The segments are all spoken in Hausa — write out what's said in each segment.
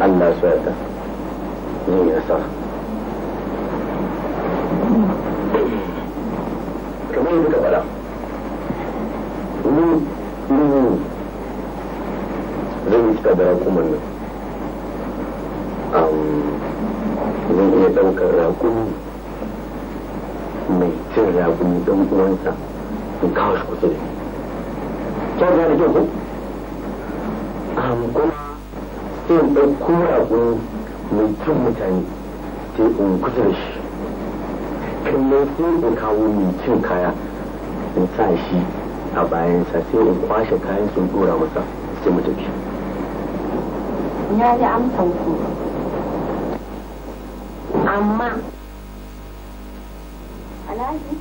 Allah su yarda zai ya sa kamar yadda bala ni ni zan yi cika da rakuman nan zan iya ɗaukar rakumi mai cin rakumi ɗan uwansa in kawo shi kusa da ni. Kyau da kyau ko? Kuma sai kuma ɗauko rago mai kyan mutane sai in kusa da shi kallon sai in kawo mai kyan kaya in sa shi a bayansa sai in kwashe kayan sun dora masa sai mu tafi ya ji amsan ku amma alhaji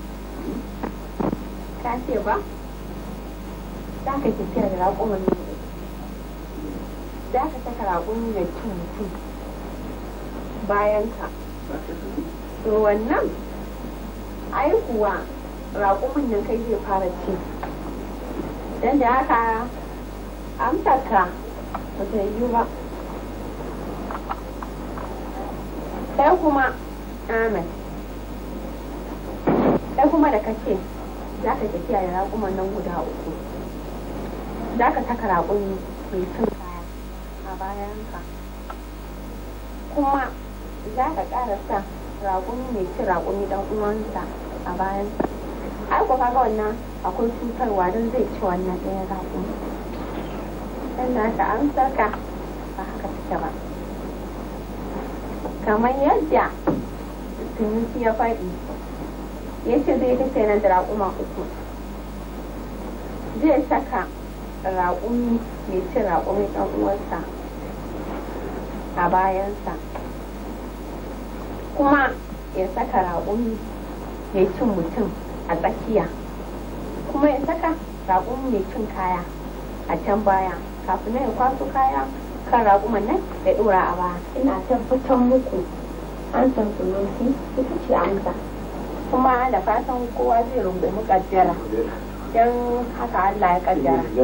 ka ce ba za ka tafiya da raƙon ne za ka saka raƙon ya tuntu bayan ka to wannan ai kuwa raƙumin nan kai zai fara ci don da haka amsarka ba ta yi ba kai kuma amen kai kuma da kace za ka tafiya da raƙuman nan guda uku za ka saka raƙon mai tunka a bayanka kuma za ka ƙara sa raƙumi mai ci raƙumi ɗan uwansa a bayan ai ku kaga wannan akwai cutarwa don zai ci wannan ɗaya raƙumi don na ta amsar ka ba haka take ba kamar yadda tunusi ya faɗi ya ce zai sai nan da raƙuma uku zai saka raƙumi mai ci raƙumi ɗan uwansa a bayansa kuma ya saka raƙumi mai cin mutum a tsakiya kuma ya saka raƙumi mai cin kaya a can baya kafin ya kwaso kaya kan raƙuman nan ya ɗora a baya ina tabbatar muku an san sunusi ita ce amsa kuma da fatan kowa zai rungumi kaddara don haka Allah ya kaddara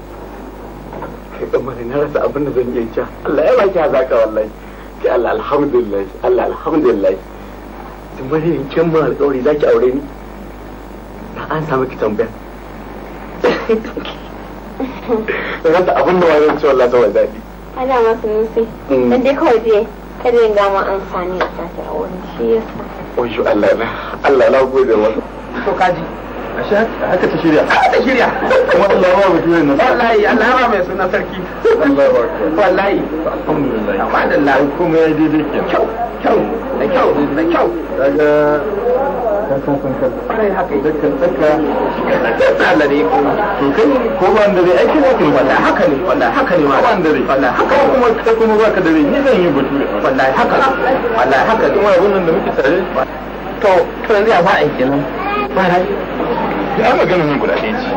mare na rasa abin da zan iya cewa Allah ya baki hazaka wallahi ki Allah alhamdulillah Allah alhamdulillah ki bari in kin mun alƙawari zaki aure ni na an samu ki tambaya na rasa abin da wani ce wallahi zai daɗi ana masu nufi mm. dan dai kawai je kada in ga ma an sani a tatar a wani shi yasa oyo Allah na Allah na gode masa to kaji ashe haka ta shirya haka ta shirya kuma Allah ba mutumin nan wallahi Allah ba mai suna sarki Allah ba wallahi alhamdulillah amma da Allah kuma ya daidai ke kyau kyau da kyau da kyau daga ka san san ka kwarai haka da ka tsaka Allah ne kuma to kai ko ba da dai aikin wakin wallahi haka ne wallahi haka ne ba da dai wallahi haka kuma kai kuma baka da dai ni zan yi bature wallahi haka wallahi haka kuma abun da muke tare to to yanzu ya fa'a kenan ba da an magana nan guda ɗaya ce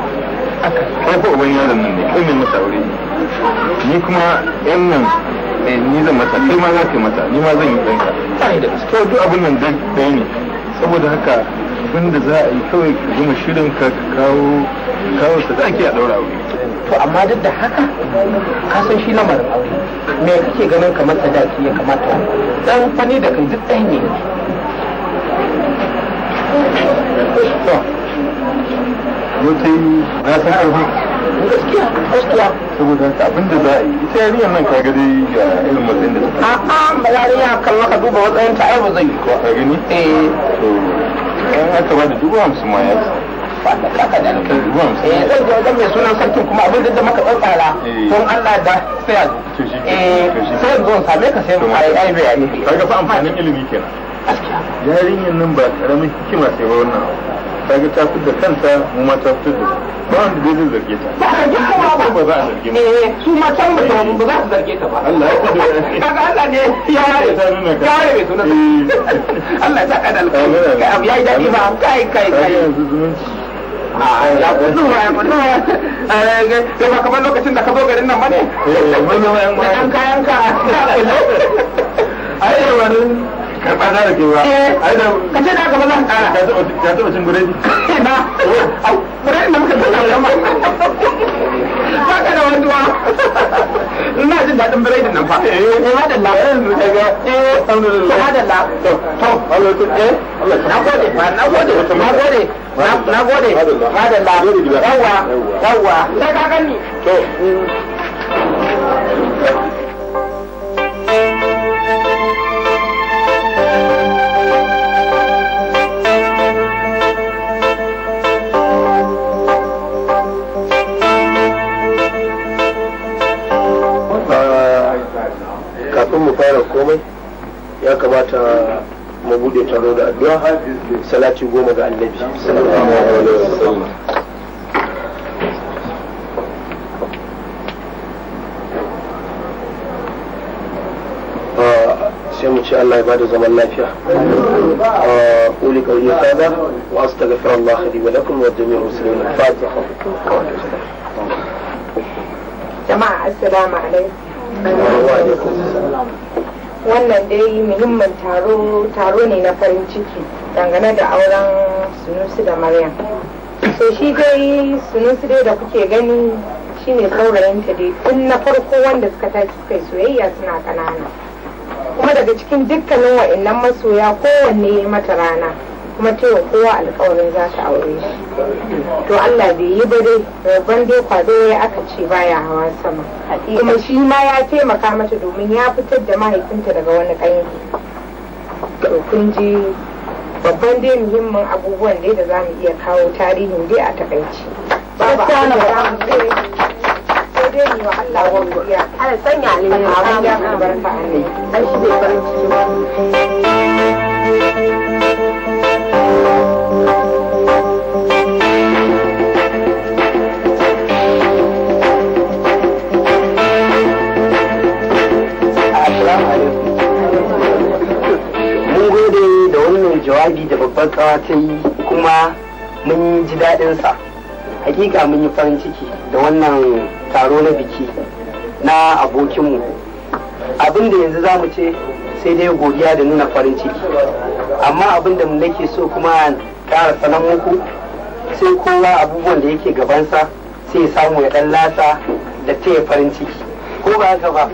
aka kafa uban yaron nan ne kai mai masa aure ni kuma yan nan eh, ni zan masa kai ma za ka yi masa ni ma zan yi ɗanka ai da duk abin nan dan ɗaya ne saboda haka abin da za a yi kawai ka gama shirin ka kawo kawo sa za ki a ɗaura aure to amma duk da haka ka san shi lamar aure me kake ganin kamar sadaki ya kamata dan fani da kai duk ɗaya ne mutum na san arha gaskiya gaskiya saboda abin da za a yi ita yariyar nan ka gade ga irin matsayin da suka a'a ba yarinya kan maka duba matsayin ta ai ba zai yi ko ka gani eh to an aka ba da dubu hamsin ma ya wanda kaka da nufin dubu hamsin eh zai je wajen mai sunan sarkin kuma abin da maka tsantsara eh. don Allah da sai a zo eh sai zo same ka sai mu ai ai kaga fa amfanin ilimi kenan gaskiya Yarinyan nan ba karamin hikima sai ba wannan ta ga ta da kanta mu ma ta da ba wanda dai zai zarge ta ba ka ji ba ba za a zarge mu eh su ma can ba ta ba za su zarge ta ba Allah ya kudu kaga Allah ne ya yare ta nuna ka yare mai sunan eh. Allah ya saka da kai abu yayi dadi ba kai kai kai yanzu zumunci ah, ya eh, kamar lokacin da ka zo garin nan Eh, karɓa za da ke ba eh, ka ce da aka ba za ka kara ka taɓa cin buredi ba eh, buredi da muka taɓa da ba ka da wani wa ina jin daɗin biredin nan fa eh, eh madalla eh madalla to to na gode na gode na gode na gode madalla yawa yawa sai ka gani to taro da addu'a salati goma ga annabi sallallahu alaihi wasallam sai mu ce Allah ya bada zaman lafiya قولي قولي هذا واستغفر الله لي ولكم ولجميع المسلمين الفاتحه جماعه السلام عليكم وعليكم السلام wannan dai muhimmin taro ne na farin ciki dangane da auren sunusu da maryam so shi dai sunusu dai da kuke gani shine saurayinta dai tun na farko wanda suka tashi kai soyayya suna ƙanana kuma daga cikin dukkanin wa'annan masoya kowanne mata rana kuma yi kowa alkawarin za ta aure shi to Allah bai yi ba dai rabban dai kwado ya aka ce baya hawa sama kuma shi ma ya taimaka mata domin ya fitar da mahaifinta daga wani ƙanyi to kun ji babban dai muhimmin abubuwan dai da za mu iya kawo tarihin dai a takaici babu abin sai Allah sanya a ne jawabi da babbar kawa ta yi kuma mun ji daɗinsa hakika mun yi farin ciki da wannan taro na biki na abokinmu abin da yanzu za mu ce sai dai godiya da nuna farin ciki amma abin da nake so kuma kara salon muku sai kowa abubuwan da yake gabansa sai ya samu ya ɗan lasa da taya farin ciki ko ba haka ba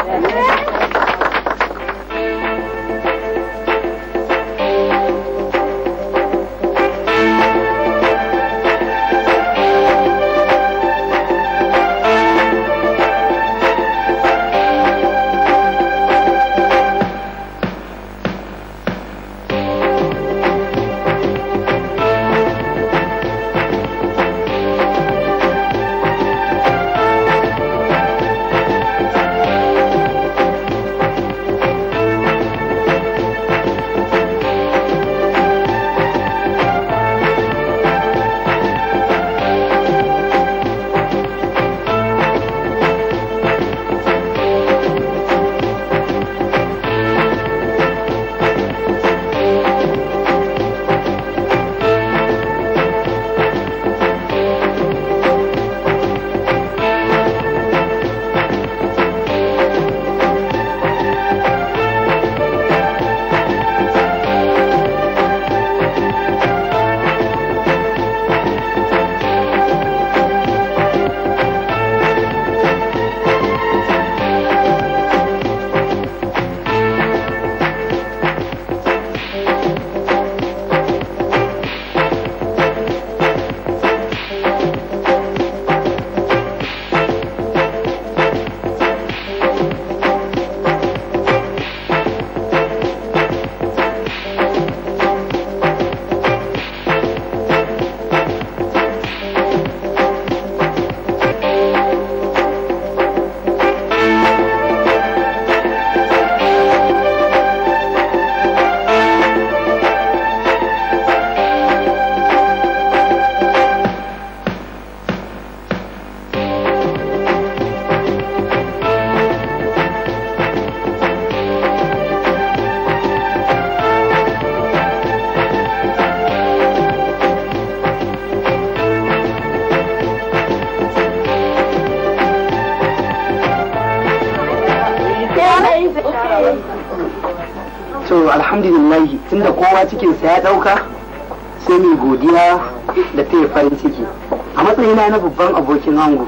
matsayina na babban abokin ango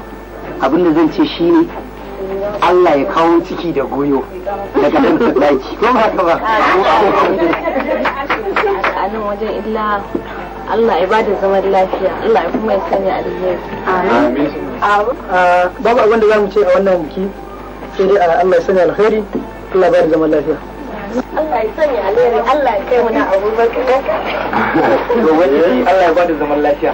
abinda zan ce shi ne Allah ya kawo ciki da goyo daga nan sadaki ko ba ka ba a nan wajen illa Allah ya bada zaman lafiya Allah ya kuma ya sanya alheri amin babu abin da zamu ce a wannan biki sai dai Allah ya sanya alheri Allah ya bada zaman lafiya Allah ya sanya alheri Allah ya kai mana abubakar Allah ya bada zaman lafiya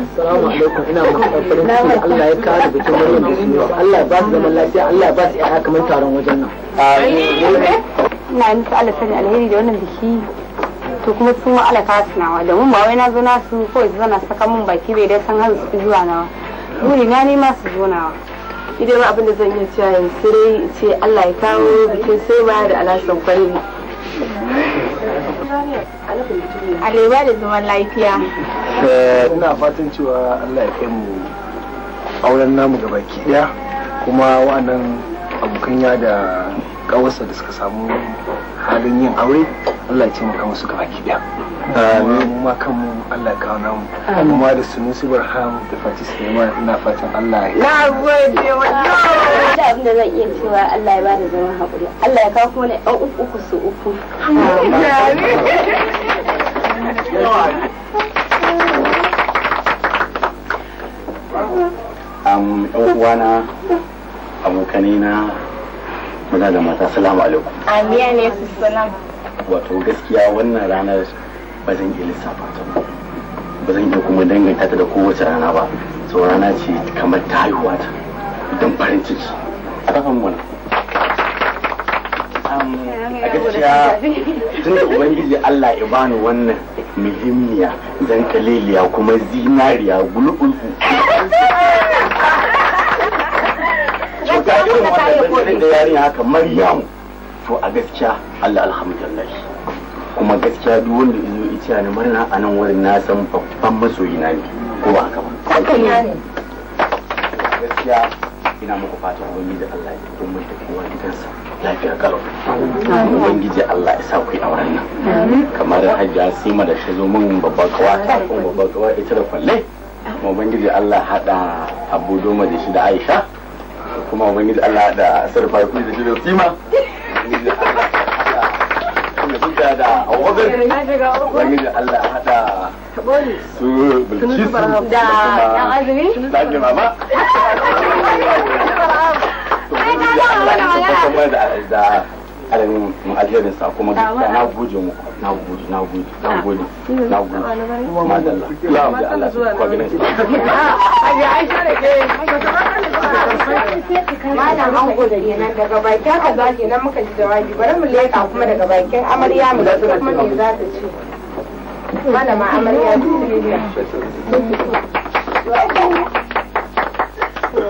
Assalamu alaikum ina matuƙar farin ciki Allah ya kawo bikin wannan bikin yau Allah ba su zaman lafiya Allah ba su ƴaƴa kamar taron wajen nan. Ina yi musu Allah sani alheri da wannan biki to kuma sun ma Allah kawo nawa da mun ba wai na zo na su ko su zana saka mun baki bai dai san har su zuwa nawa. Buri na ne ma su zo nawa. Idan ma abin da zan iya cewa yanzu sai dai ce Allah ya kawo bikin sai ba da alasan kwarin. Alewa da zaman lafiya. Eh, ina fatan cewa Allah ya kai mu auren namu ga baki daya kuma wa'annan abokan ya da kawarsa da suka samu halin yin aure Allah ya kama su ga baki daya mu ma kanmu Allah ya kawo namu kuma da sunusi barham da fati suleiman ina fatan Allah ya na gode wa da abin da zan iya cewa Allah ya bada zaman haƙuri Allah ya kawo kuma ne ɗan uku uku su uku um uwana abokanai na maza da mata salamu alaikum amiya ne su salam wato gaskiya wannan ranar bazan iya lissafa ta ba zan iya kuma danganta ta da kowace rana ba so rana ce kamar ta haihuwa ta don farin ciki a wannan a gaskiya tun da ubangiji Allah ya bani wannan muhimmiya zan kaliliya kuma zinariya gulubulu cuta irin wannan zan da yarinya haka maryamu to a gaskiya Allah alhamdulillah kuma gaskiya duk wanda ya na murna a nan wurin na san babban masoyi na ne ko ba haka ba gaskiya ina muku fatan ubangiji Allah ya kuma da kowa gidansa lafiya karo ubangiji Allah ya sa ku auren nan kamar hajja sima da shi zo min babbar ta ko babbar kawa ita da kwalle kuma ubangiji Allah hada abu doma da shi da aisha kuma ubangiji Allah da sarfa ku da shi da sima ubangiji Allah hada su bilkisu da azumi Allah da da alamin alherin sa kuma na gode muku na gode na gode na gode na gode madalla ya da Allah ku ga ke malam an gode kenan daga bakin muka ji bari mu leka kuma daga bakin amarya mu kuma me za ta ce malama amarya ta ce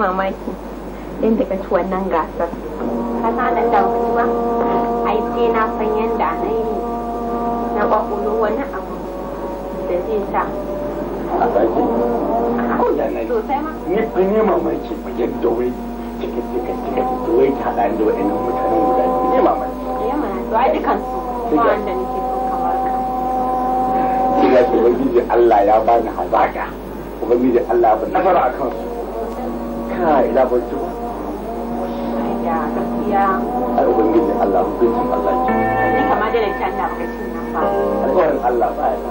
mamaki yadda ka ci wannan gasar ka sana da ba ai sai na san yadda na yi na wani abu da zai sa a sake sosai ma ni mamaki ba yadda wai cikin cikin cikin ta da wa'annan mutanen guda ne mamaki ya mana to ai dukansu ba wanda nake so kamar ka Ina ce Ubangiji Allah ya bani hazaka, Ubangiji Allah ya bani nasara a kansu. kai na ban ci ba ubangiji Allah hukuncin Allah ce ni ka da Allah ba Allah ba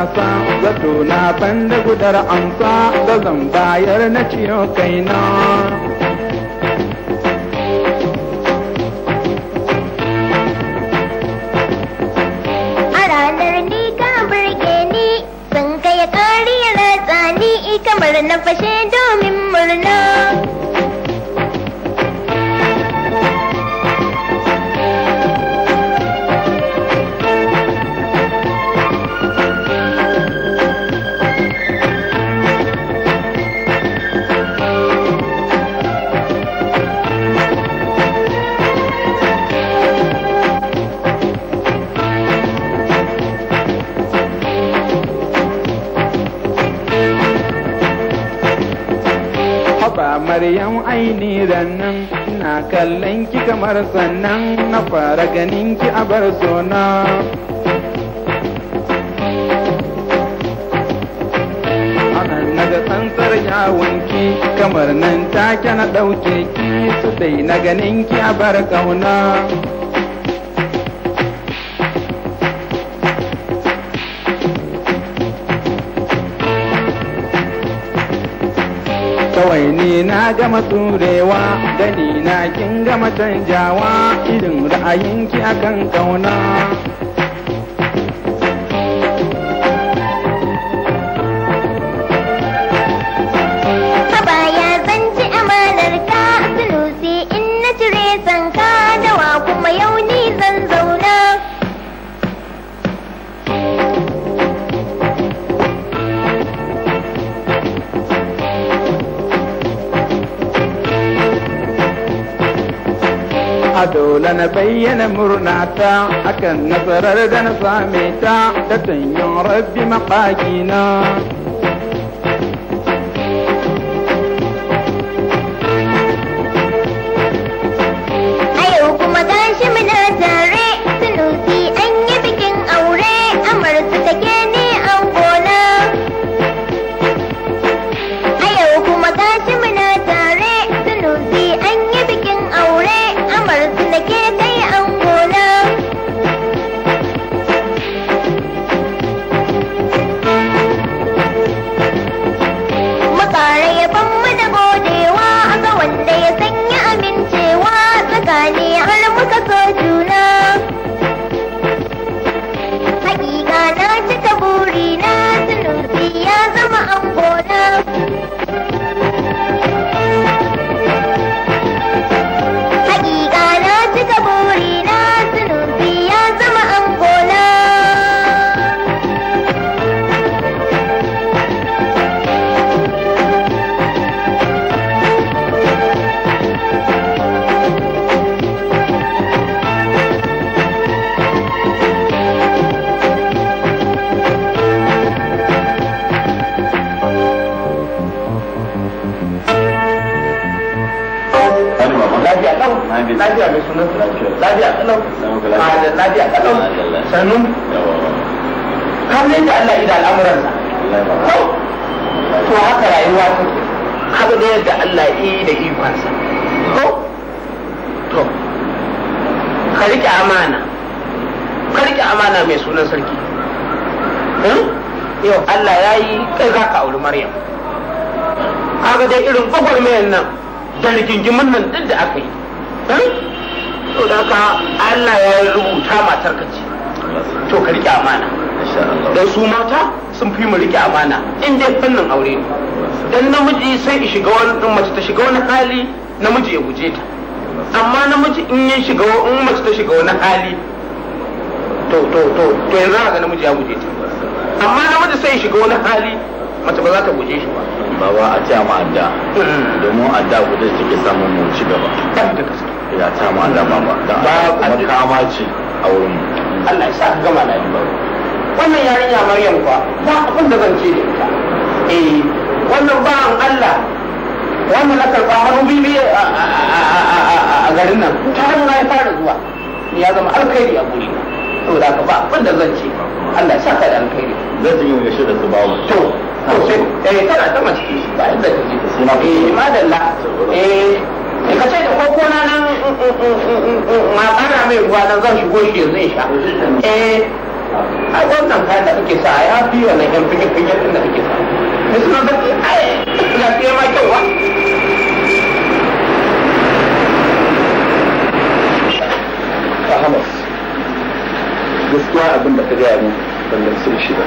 gasa zato na san da gudar amsa zan bayar na ciyo kaina kallon ki kamar sannan na fara ganin ki a bar sona tsantsar yawonki kamar nan take na ɗauke ki su dai na ganin ki a bar ƙauna. kawai ni na gama turewa gani na kin gama canjawa irin ra'ayinki akan kauna அதோல نبين مرناتا أكن نصر ردن صامتا لتنين ربي مقاجينا shiga wani mace ta shiga wani hali namiji ya guje ta amma namiji in ya shiga in mace ta shiga wani hali to to to to yanzu za ga namiji ya guje ta amma namiji sai shiga wani hali mace ba za ta guje shi ba baba a ta ma adda mm-hmm. domin adda guda take samun mu ci gaba ya ta ma adda ba. Ba makama ce a wurin Allah ya sa ka gama da ba wannan yarinya Maryam kwa ba abin da zan ce da ita eh wannan ba Allah wannan na karba hannun bibi a garin nan ta hannu na ya fara zuwa ya zama alkhairi a guri saboda ka ba wanda zan ce Allah ya saka da alkhairi zan yi wani shi da su bawo to eh kana ta mace shi ba inda ka ji suna eh madalla eh ka ce da koko na nan mm, mm, mm, ma bana mai ruwa dan zan shigo shi yanzu in sha eh ai wannan kayan da kake sa ya fi wannan yan fiye fiye din da kake sa ne suna da ai ya fi ma kyau wa Ahmad gaskiya abin da ka gaya mu ban da sun shi ba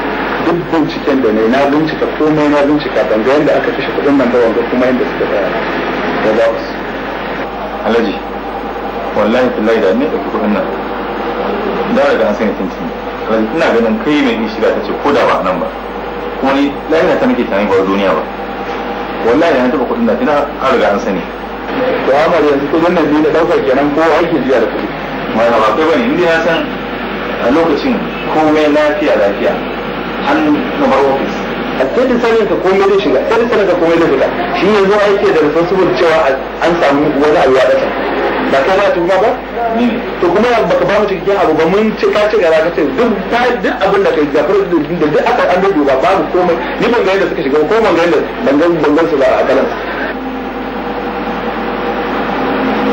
duk binciken da ne na bincika komai na bincika ban ga yadda aka kashe kuɗin nan da wanda kuma yadda suka tsaya da ba su alhaji wallahi billahi da ne da kuɗin nan da daga an sani tuntuni ina ganin kai mai shiga ta ce ko da ba nan ba ko ni lahira ta nake tunani ba duniya ba wallahi na taba kudin da tana an riga an sani to amma yanzu ko nan biyu da daukar kenan ko aiki jiya da kudi mai ba kai bane inda ya san a lokacin komai lafiya lafiya hannu na bar office a sai da sanin ka komai da shiga sai da sanin ka komai da fita shi yanzu aiki da responsible cewa an samu wani abu ya ba kai ma tuhuma ba to kuma ba ka ba mu cikin abu ba mun ce ka ce gara ka ce duk ba duk abin da kai zafar da duk da duk aka an dudu ba mu komai ni ban ga yadda suka shiga ko ban ga yadda ban ga ban ga su ba a kalan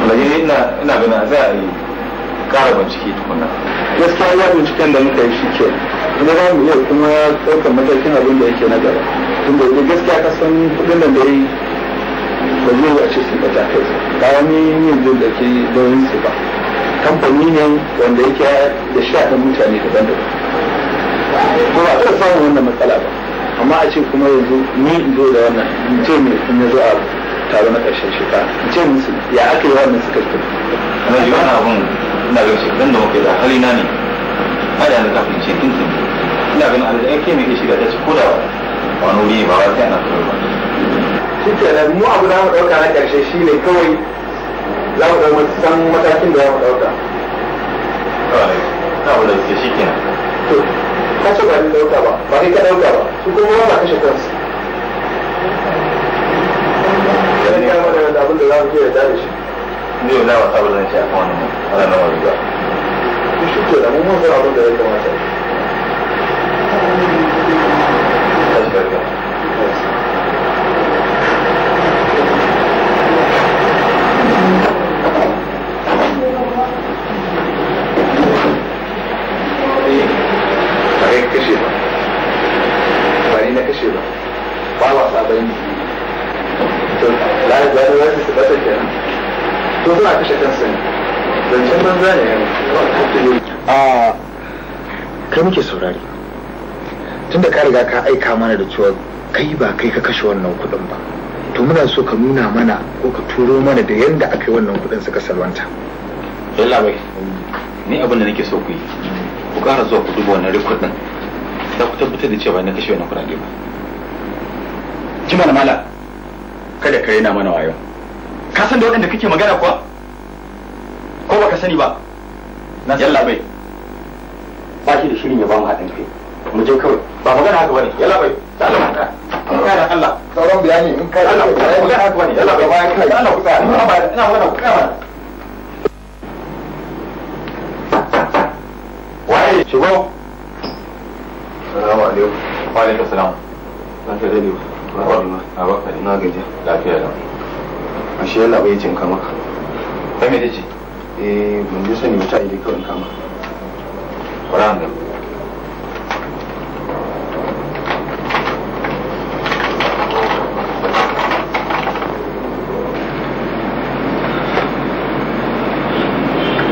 Lajini ina ina gana za a yi ƙara bincike tukuna. Gaskiya ya binciken da muka yi shi ke. Ina za mu iya kuma ɗaukar matakin abin da yake na gaba. Tunda gaskiya ka san kuɗin da ya yi ba zai a ce sun bata kai ba wani yanzu da ke doyin su ba kamfani ne wanda yake da sha ɗan mutane daban-daban ba ba ta samun wannan matsala ba amma a ce kuma yanzu ni in zo da wannan in ce mai in zo a taro na ƙarshen shekara in ce musu ya aka yi wannan suka fi kuma ji wani abun ina ga shekarun da muka yi da halina ne ba da yanzu kafin ce kintin ina ganin alda ake mai shiga ta ci ko da wani wuri ba wa sai ana kawai ba shi kenan mu abu da mu ɗauka na ƙarshe shi ne kawai za mu ɗauka san matakin da za mu ɗauka. na mu ɗauke shi kenan. To, ka ce ba ni ɗauka ba, ba kai ka ɗauka ba, su kuma ba kashe kansu. Yanni ya mana da abin da za mu iya yarda da shi. Ni yau na wasa ba zan shi a kan wannan wannan wani ba. Shi kenan mun san abin da ya kamata. Ka shi kashe ba ba ni na kashe ba ba wasa ba ne to lai da za su su bata kenan to suna kashe kansu ne zancen banza ne a kai muke saurari tunda ka riga ka aika mana da cewa kai ba kai ka kashe wannan kuɗin ba to muna so ka nuna mana ko ka turo mana da yadda aka yi wannan kuɗin suka salwanta yalla bai ni abin da nake so ku yi ku ƙara zuwa ku duba wannan rikodin. za ku tabbatar da cewa na kashe wannan kuɗaɗe ba ki mana mala kada ka raina mana wayo ka san da waɗanda kake magana kuwa ko baka sani ba na yalla bai ba shi da shirin ya ba mu haɗin kai mu je kawai ba magana haka bane yalla bai ta Allah ka Allah sauran bayani in haka Allah Salamu alaikum. Wa alaikum salam. Ah, Lafiya da ne. A baka ne. Na gaje. Lafiya da. Ashe yana bai cin kama. Kai me dace? Eh, mun ji sani mutane da kawai kama. Ƙwarar da.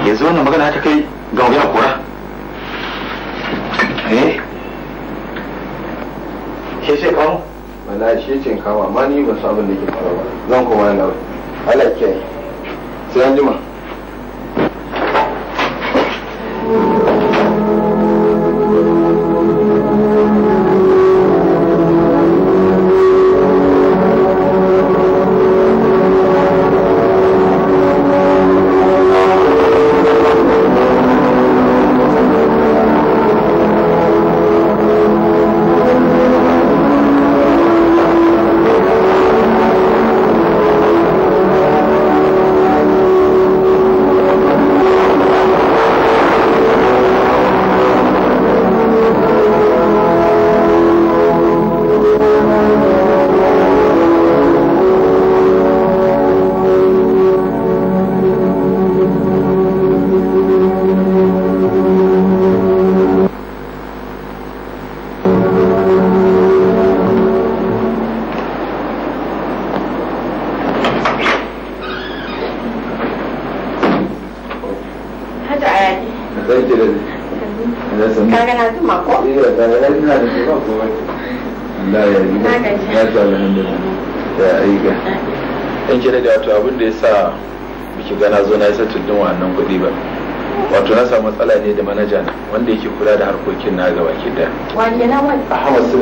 yanzu wannan magana ta kai ga wani kura eh ke ce kawo wallahi shi ce kawo amma ni ban san abin da ke faruwa zan kuma yana Allah ke sai an jima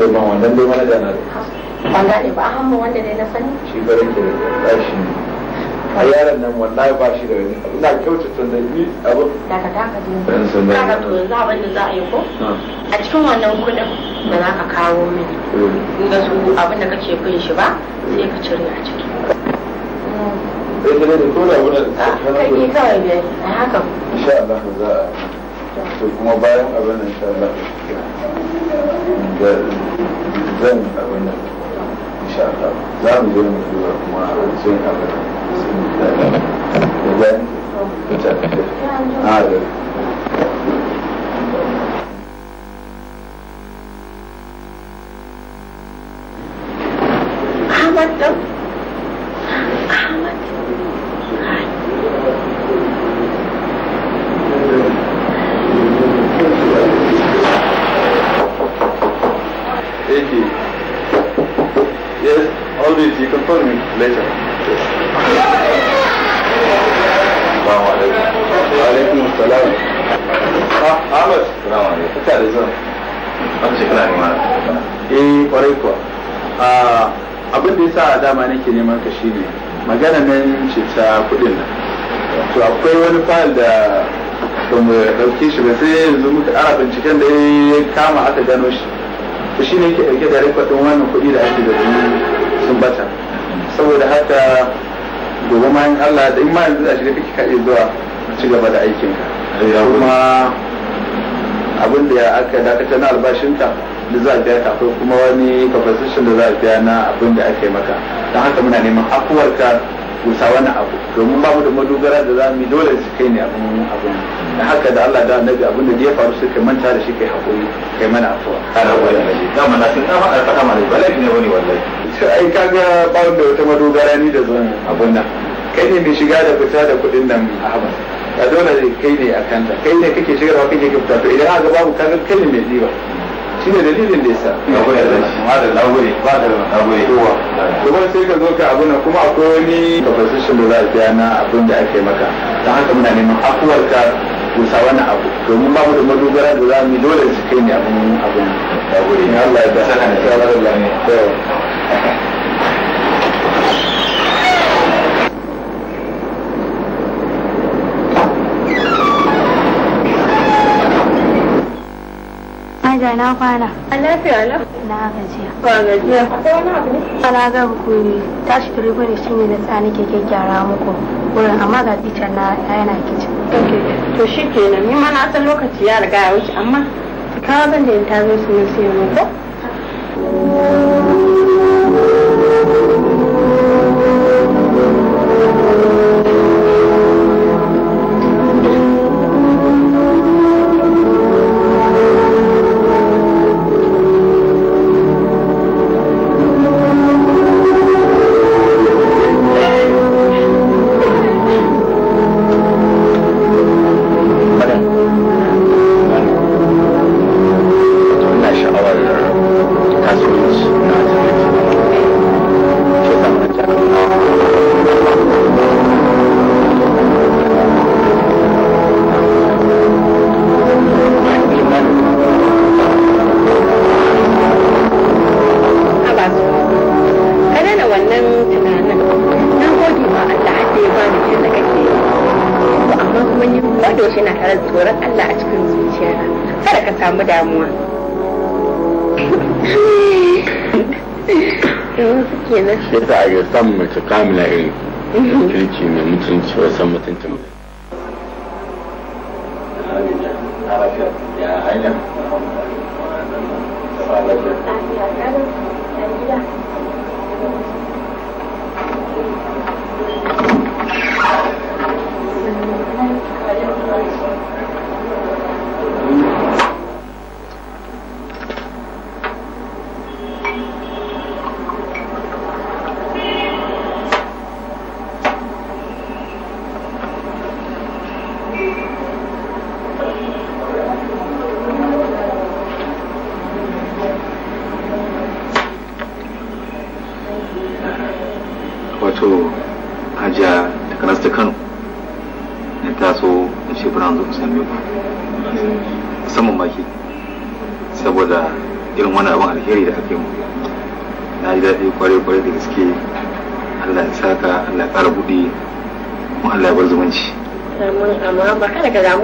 ba wannan dai ba wanda ne na sani shi garin ke da shi a yaran nan wallahi ba shi da wani ina kyautata da ni abu daga daga jin daga to yanzu abin da za a yi ko a cikin wannan kudin da za ka kawo min da su abin da kake kun shi ba sai ka cire a ciki ah, Kai ne da kawai ne, a hakan. Insha Allah za a to kuma bayan abin nan sha Allah da zan abin nan insha Allah za mu je mu zuwa kuma sai abin nan da bayan Thank ah, you. mẹ́ta. alaikum salam ahmad salamu alaikum ta da zan an ce kana ma eh kwarai kuwa ah, abin da yasa dama nake neman ka shine magana nan ce ta kudin nan to akwai wani fayil da ba mu dauke shi ba sai yanzu muka ara binciken da ya kama aka gano shi to ne yake dauke da rikodin wannan kuɗi da ake da sun bata saboda haka gobe ma Allah da ma yanzu a shiga kake ka iya zuwa ci gaba da aikin ka kuma abin da aka dakatar na albashinka da za a biya ka kuma wani kafasishin da za a biya na abinda da aka maka don haka muna neman ka. kusa wani abu domin babu da madogara da za mu yi dole su kai ne abin abin Na haka da Allah da annabi abin da ya faru su kai manta da shi kai hakuri kai mana afuwa kana wani ne da mana sun kama a faɗa mana balai ne wani wallahi sai ai kaga babu da wata madogara ni da zan abun nan kai ne mai shiga da fita da kuɗin nan a Ahmad da dole kai ne a kanta kai ne kake shigarwa kake fita to idan aka babu kaga kai ne mai diba shi ne dalilin da yasa na gode da shi ma da nagode ba da nagode yawa kuma sai ka zo ka abu na kuma akwai wani proposition da za a biya na abin da ake maka don haka muna neman afuwar ka kusa wani abu domin babu da madogara da za mu yi dole su kai ne abin abin nagode Allah ya da sana Allah ne manaja na kwana. An lafiya lau. Na gajiya. Ba gajiya. Akwai wani abu ne? Ana ga hukumi tashi shi ne na tsani ke ke gyara muku wurin amma ga tican na yana kicin. Okay to shi ke nan, ni ma na san lokaci ya riga ya wuce amma ka ban da in ta zo su ne sai mu ko. kamila irin kirki mai mutunci wa san mutuncin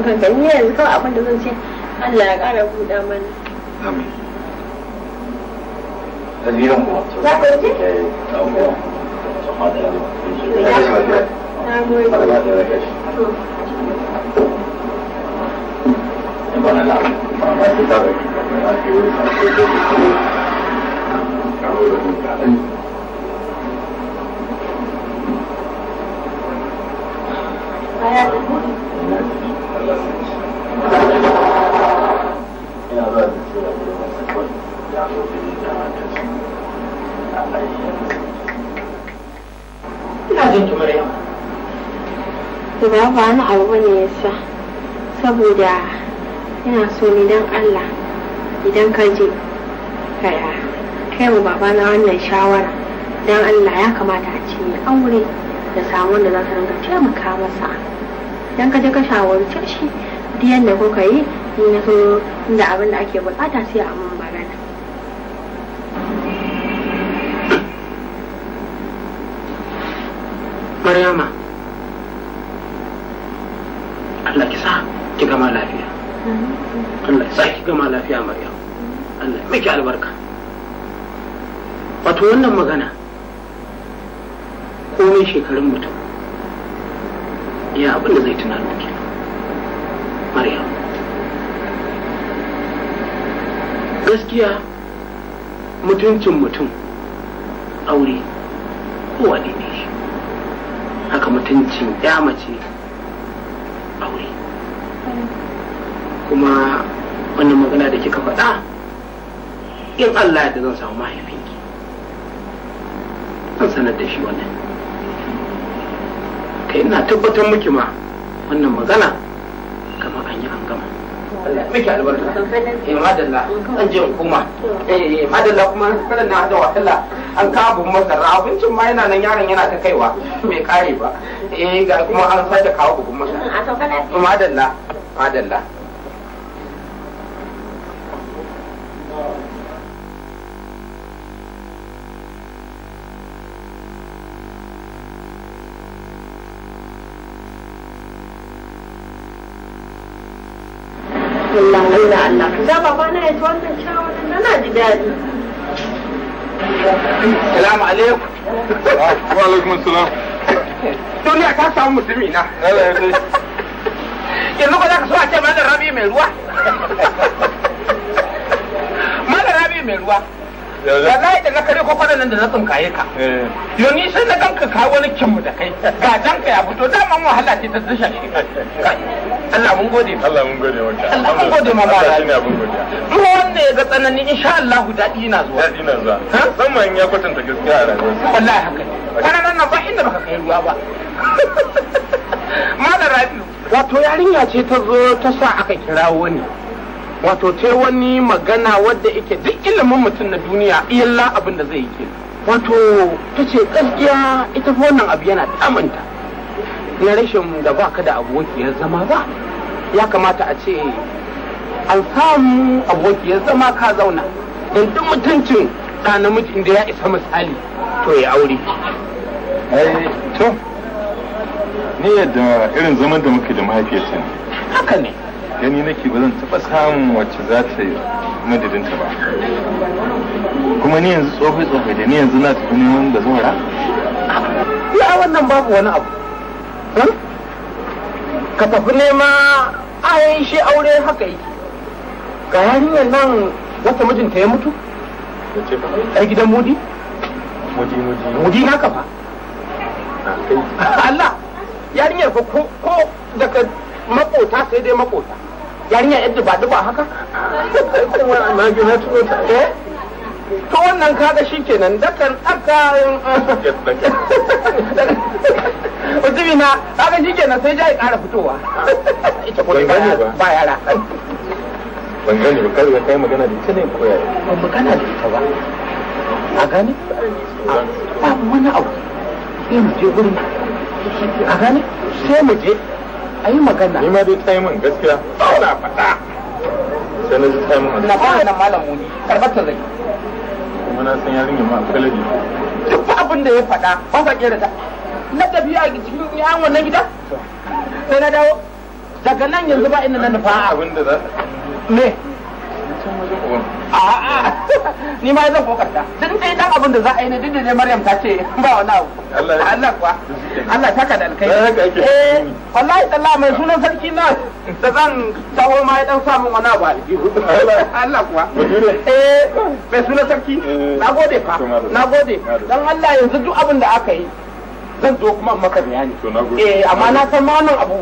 thường kayaknya kau apa dengan sih Allah kau ada budaman amin اليوم لا قلت Thank you. to ba ni abu ne yasa saboda yana so ne dan Allah idan ka je kaya kai mu baba na wannan shawara dan Allah ya kamata a ce ni aure da samu wanda za ka rinka taimaka masa dan ka je ka shawarce shi duk yadda kuka yi ni na so inda abin da ake bukata sai a mun magana Mariama. ki gama lafiya mm-hmm. Allah ya sa ki gama lafiya Maryam Allah miki albarka wato wannan magana komai shekarun mutum ya abinda zai tuna ki Maryam gaskiya mutuncin mutum aure kowa ne shi haka mutuncin ya mace kuma wannan magana da kika faɗa in Allah da zan samu mahaifinki Zan sanar da shi wannan kai ina tabbatar miki ma wannan magana kama an yi an gama Allah miki albarka eh madalla an je koma eh madalla kuma kada na da wahala an kawo abun masara abincin ma yana nan yaron yana ta kaiwa bai kare ba eh ga kuma an sake kawo abun masara madalla adalla Salamu alaikum Wa alaikum salam Duniya ta samu mutumi na Allah ya yanzu ko za ka so a ce malam rabi mai ruwa malam rabi mai ruwa wallahi da na kare kwakwaran nan da na tsinkaye ka eh. yoni sai na ganka ka wani kinmu da kai ga janka ya fito daman wahala ce ta dusha shi Allah mun gode Allah mun gode wata Allah mun gode ma mara shine abun godiya duk wanda ya ga tsananin insha Allah dadi na zuwa dadi na zuwa musamman ya kwatanta gaskiya a rayuwa wallahi haka ne kana nan ba inda baka kai ruwa ba malam Rabiu wato yarinya ce ta zo ta sa aka kira wani wato ta wani magana wadda ike duk ilimin mutum na duniya iyalla abin da zai yi ke wato ta ce gaskiya ita wannan abu yana tamanta na rashin da ba ka da abokiyar zama ba ya kamata a ce an samu abokiyar zama ka zauna don duk mutuncin ɗa namiji da ya isa misali to ya aure eh, ne yadda irin zaman da muke da mahaifiyarta ne haka ne gani nake ba zan taɓa samun wacce za ta yi madadinta ba kuma ni yanzu tsofai tsofai da ni yanzu na tafi neman da zaura ya wannan babu wani abu hmm? ka tafi nema ayin shi aure haka yi. ga yarinyar nan wata mijinta ya mutu ai gidan mudi mudi mudi mudi na kafa Allah yarinyar ko ko daga makota sai dai makota yarinya yadda ba duba haka na ji na tuno ta to wannan kaga shikenan dakan aka mutumi na kaga kenan sai jai ƙara fitowa ita ko ba yara ban gani ba kai kai magana da ita ne ko yaya magana da ita ba a gani mu wani abu sai mu je gurin a gane sai mu je a yi magana ni ma dai ta gaskiya ana faɗa sai na ji ta na ba nan malam muni karɓar ta zai kuma na san yarinya ma alƙalari duk abin da ya faɗa ba sa kera ta na tafiya a cikin yawan wannan gida sai na dawo daga nan yanzu ba inda na nufa abin da za me sun waje a'a ni ma zan ko karta. duk dai dan abin da za a yi ne duk da dai Maryam ta ce ba wani abu Allah kuwa Allah ta ka da alkai eh wallahi tallahi mai sunan sarki na da zan tawo ma ya dan samu wani abu Allah kuwa eh mai sunan sarki eh, na gode fa na gode dan Allah yanzu duk abin da aka yi zan zo kuma maka bayani eh amma na san ma wannan abu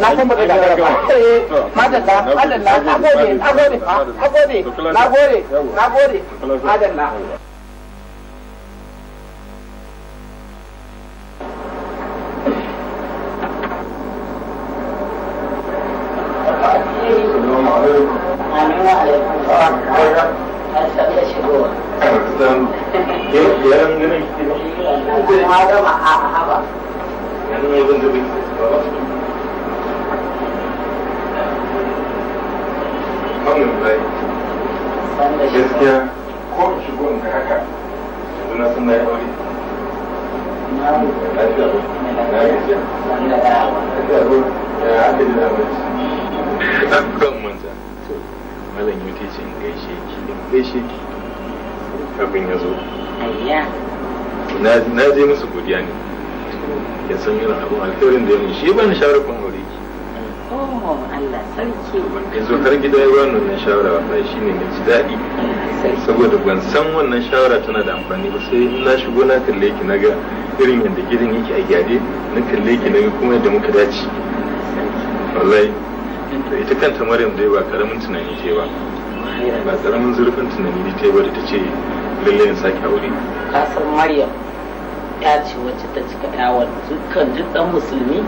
na san baka gagara ba eh madalla madalla na gode na gode na gode na gode na gode madalla Thank you. malam zai gaskiya ko haka suna na yi malam yau ce in gaishe ki in gaishe ki kafin na je musu godiya ne ya san irin abin alkawarin da ya mun shi ba ni shawarar kan aure ki Oh, Allah sarki. Yanzu har gida ya bani wannan shawara wallahi shine ne ji daɗi. Saboda ban san wannan shawara tana da amfani ba sai na shigo na kalle ki na ga irin yadda gidan yake a gyare na kalle ki na ga kuma yadda muka dace. Wallahi. To ita kanta Maryam dai ba karamin tunani ce ba. Ba karamin zurfin tunani ta ba da ta ce lallai in sake aure. Ka san Maryam ya ce wacce ta cika yawon dukkan duk ɗan musulmi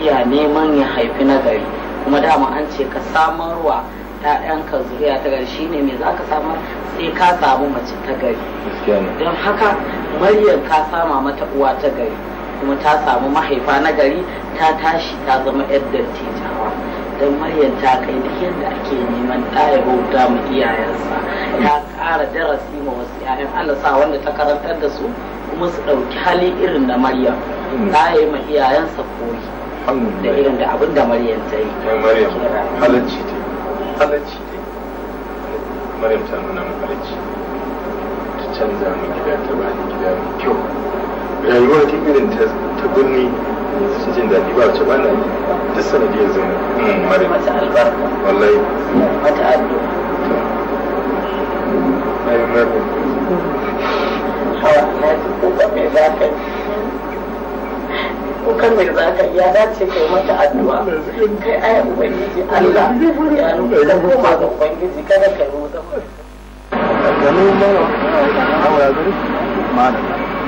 iya neman ya haifi nagari kuma dama an ce ka samarwa ‘ya'yanka zuriya ta gari shine me za ka samar sai ka samu mace ta gari don haka maryam ka sama mata uwa ta gari kuma ta samu mahaifa na gari ta tashi ta zama ‘yar dattijawa don maryam ta kai duk yadda ake neman ɗaya bauta mu iyayensa ta ƙara darasi ma wasu ‘ya'yan Allah sa wanda ta karantar da su kuma su ɗauki hali irin na maryam ta mm. yi ma iyayensa koyi da irin da abin da maryam ta yi maryam halacci ta halacci ta maryam ta nuna mu halacci ta canza mu gida ta ba ni gida mai kyau rayuwa ta irin ta birni sun jin daɗi ba ce ba na yi duk sanadiyar zama mm, maryam mata albarka wallahi mata addu'a ai maryam hawa na ji ko ba me za ka yi kukan da za ka ya dace kai mata addu'a kai aya ubangiji Allah ya nufi da koma ga ubangiji kada ka ruda gani mana awara gari mana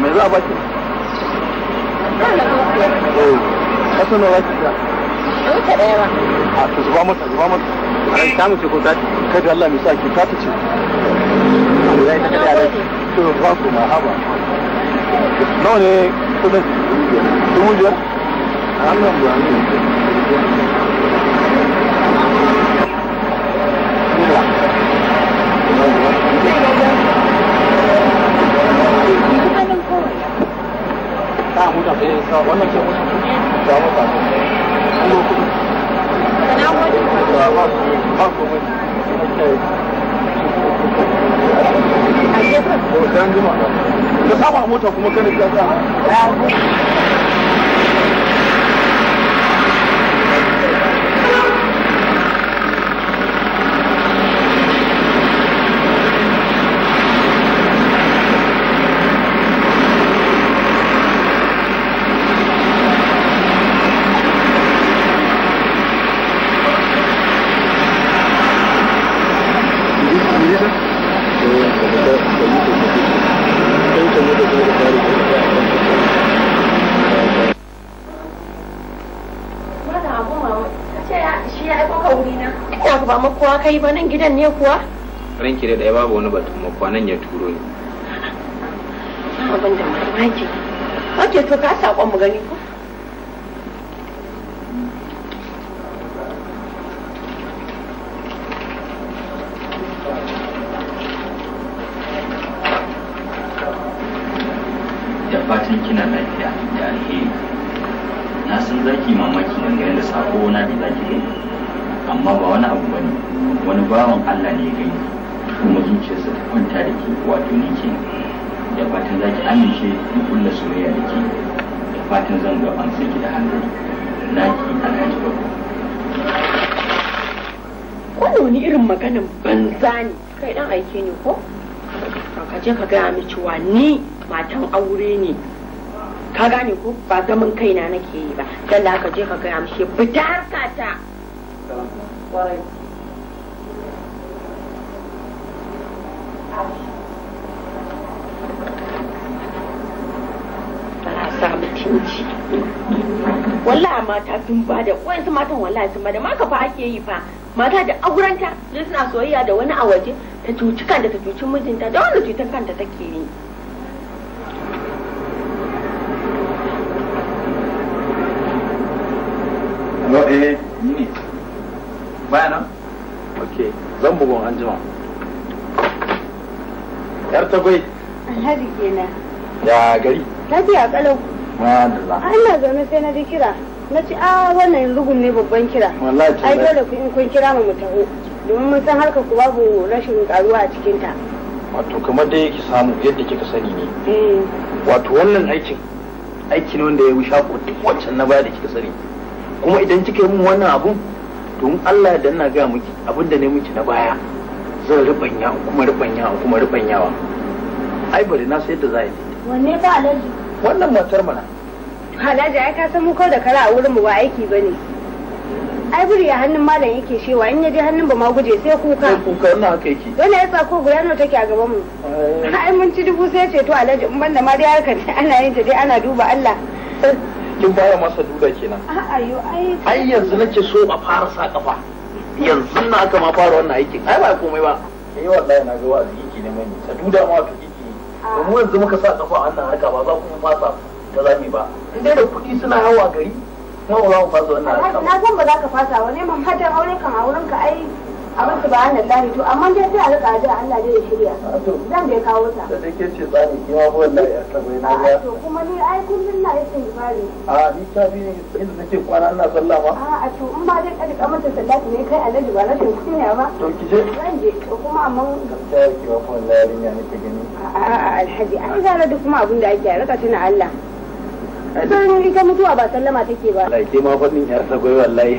me za a baki oh, kasan da baki ta an daya ba a to zuba mata zuba mata ai ta mace ko ta kai da Allah mai sa ki ta ta ce Allah ya ta da to ba ku ma haba nawa ne kudin Dubu biyar? Allah Ta huta Ba ba Ko dan jima. Ka mota kuma kana ta ta. ba kai ba nan gidan ne kuwa ranki da ɗaya babu wani batun makwa nan ya turo ni abin da mamaki ok to ka saƙon mu gani ko kai kuma zuciyarsa ta kwanta da ke wato ni ke da fatan za ki amince mu kulla soyayya da ke da fatan zan ga an saki da hannu na naki alhaji babu wannan wani irin maganin banza ne kai dan aike ne ko ka je ka gaya min cewa ni matan aure ne ka gane ko ba zaman kaina nake yi ba dan da ka je ka gaya mishi fita harkata kwarai wallahi mata sun ba da wayansu matan wallahi sun ba da maka fa ake yi fa mata da aurenta da suna soyayya da wani a waje ta cuci kanta ta cuci mijinta da wani cutar kanta take yi no eh ni bayana ok zan bugon anjima yar tagwai alhaji kenan ya gari biya kalau Allah zaune sai na ji kira na ci a ah, wannan rugun ne babban kira ta ai dole ku in kun kira mu taho domin mun san harkar ku babu rashin karuwa a cikin ta wato kamar da yake samu yadda kika sani ne eh. wato wannan aikin aiki ne wanda ya wuce ku duk wancan na baya da kika sani kuma idan kika yi mun wannan abun to in Allah da ina ga miki abin da ne miki na baya zan rubanya kuma rubanya kuma rubanyawa ai bari na sai da zai wanne ba alaji wannan matar mana halaji ai ka san mu kawai da kara a wurin mu ba aiki bane ai buri ya hannun malam yake shewa in ya je hannun ba ma guje sai kuka sai kuka ina haka yake Dole ya ko guda nawa take a gaban mu eh. ai mun ci dubu sai ce to alhaji in banda ma dai ne, ana yin ta dai ana duba Allah kin fara masa duba kenan a'a ah, yo ai ai yanzu nake so a fara sa kafa yanzu na aka ma fara wannan aikin ai ba komai ba eh wallahi na ga wa'azi yake ne mai duda ma to kuma yanzu muka sa kafa a wannan haka ba za ku fasa ta zami ba in dai da kuɗi suna yawa gari kuma ba za mu fasa wannan na san ba za ka fasa ba neman aure kan aurenka ai a basu ba hannun tsari to amma dai sai a rika ji a Allah dai ya shirya zan dai kawo ta da dake ce tsari ki ma buwan lai asabai na ga to kuma ni ai kullun na yace ibari a ni ta bi inda nake kwana ina sallah ma a to in ba dai kada kamar ta sallati ne kai alaji ba rashin kunya ba to ki je zan je to kuma amma ta ki ma buwan lai yarinya nake gani a a alhaji an gara duk kuma abin da ake a rika tuna Allah don ita mutuwa ba sallama take ba. Lai ke ma faɗin yar sakwai wallahi.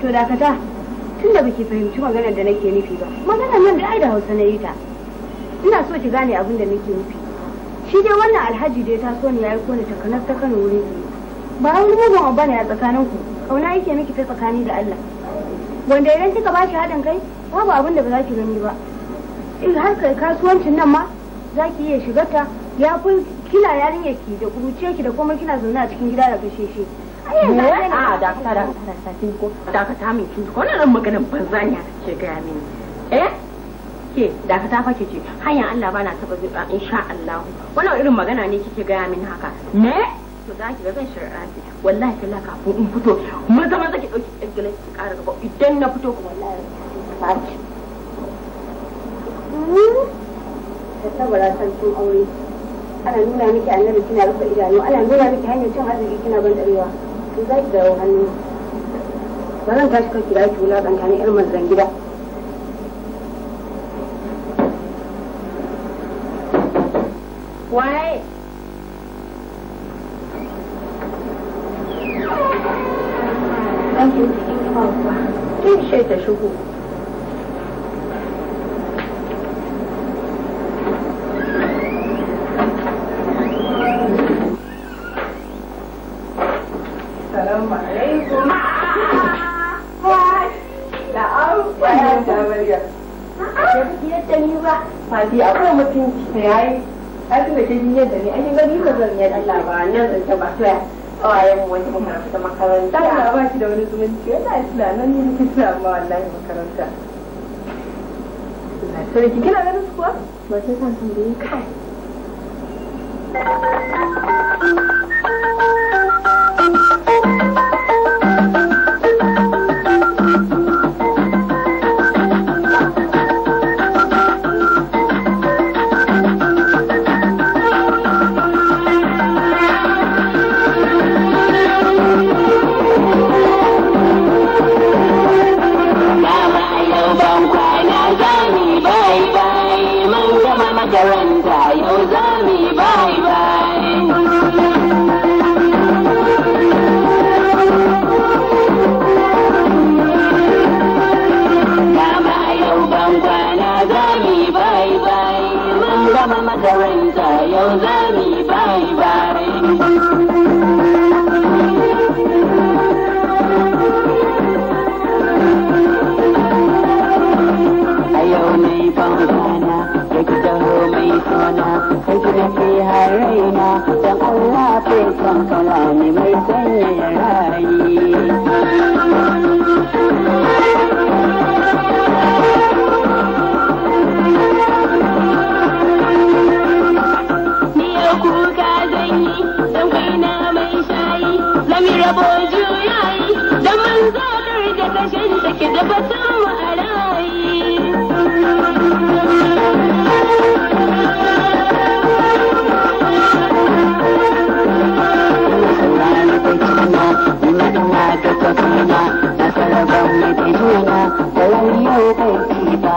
To dakata, tun da baki fahimci maganar da nake nufi ba, maganar nan da aida Hausa na yi ta. Ina so ki gane abin da nake nufi. Shi dai wannan alhaji dai ta so ni ya aiko ni ta kanar ta Kano wurin ki. Ba wani mugun ba bane a tsakanin ku, kauna yake miki ta tsakani da Allah. Wanda idan kika bashi haɗin kai, babu abin da ba za ki gani ba. In har kai kasuwancin nan ma za ki iya shigarta ya kun kila yarinyar ki da kuruciyar ki da komai kina zaune a cikin gida da kashe shi. a dakata dakata sakin ko dakata min kin ko nan ce ga ke dakata fa ke ce hanyar Allah bana taba zuba insha Allah wannan irin magana ne kike gaya min haka me to za ki ga zan shari'a ki wallahi kalla kafin in fito maza maza ki dauki ɗaggalan ki ƙara gaba idan na fito ku wallahi ba ki ta tabara san tun aure ana nuna miki annabi kina rufe idanu ana nuna miki hanyar cin arziki kina ban ɗarewa zai da hannu ba zan tashi kan kira ki wulaƙanta ne irin mazan gida waye Thank you. hadi akwai mutunci da yayi hadi da kin yadda ne an gani ka zan yi Allah ba nan zan ta ba to ya kawayen wata makaranta makaranta Allah ba shi da wani zumunci yana tuna nan ne kike tuna amma wallahi makaranta Sarki kina ganin su kuwa? Ba ta san tambaye kai. Joanne Dow. girma nasarar gwamnati juna da wuri ne yau ta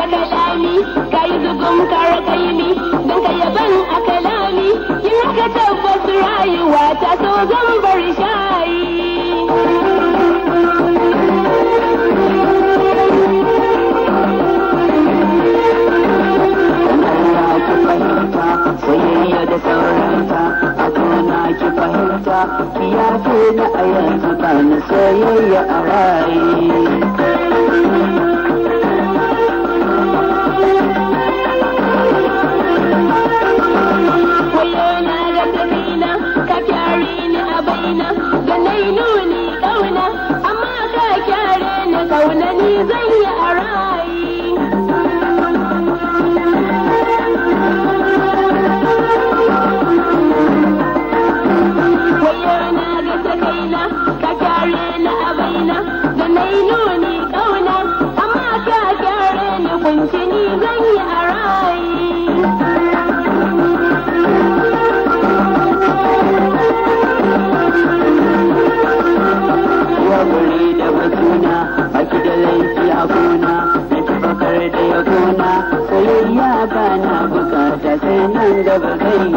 da ka sami ka yi dugun karakaimi don ka yaban a kalami yin haka tabbas rayuwa ta so zan bar shayi. soyayya da sauranta a kauna ki fahimta ya fi da a yanzu ba na soyayya a waye. Inuni ɗauna, kauna amma ka kyare ni kauna ni zan yi a rayi Wayona ga ta kaina ka kyare ni a baina da na yi nuni kauna amma ka kyare ni kunci ni yi a wa guri da bakuna ki da laifi a gona na ki bakar da ya gona sayayya ba na bukata sai nan gaba kai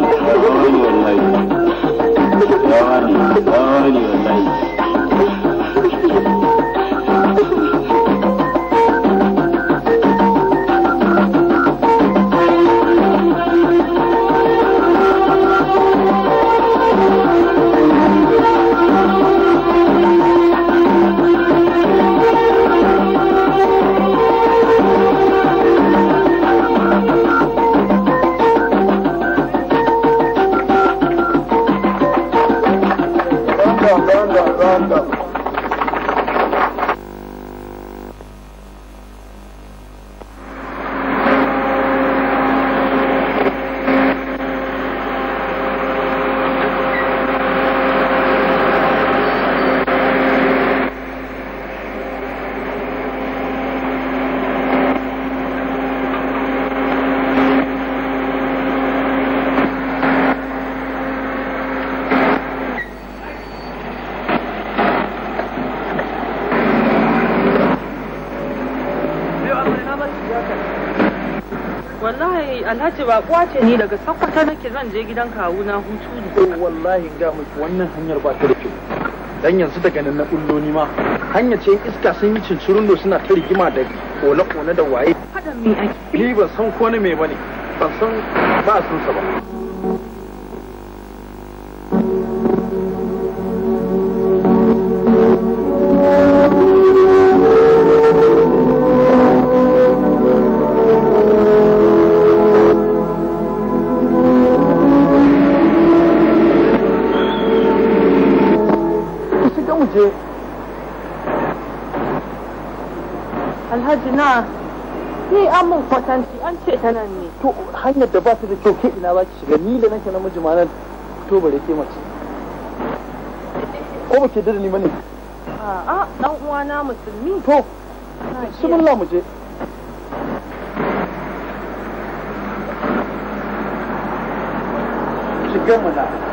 rawani your wallahi rawani your wallahi wallahi alhaji ba ce ni daga sakwata nake zan je gidan kawuna hutu ne to wallahi ga miki wannan hanyar ba ta da kyau dan yanzu daga nan na kullo ni ma hanya ce iska sun yi cincirundo suna ta rigima da kone kone da waye hadan me ake ni ban san ko me bane ban san ba sun sa ba an min kwatanci an ce ta nan ne to hanyar da ba ta da kyau ke ina za ki shiga ni da nake namiji ma nan to bare ke mace ko ba ke da ni bane a'a dan uwana musulmi to bismillah mu je shiga na.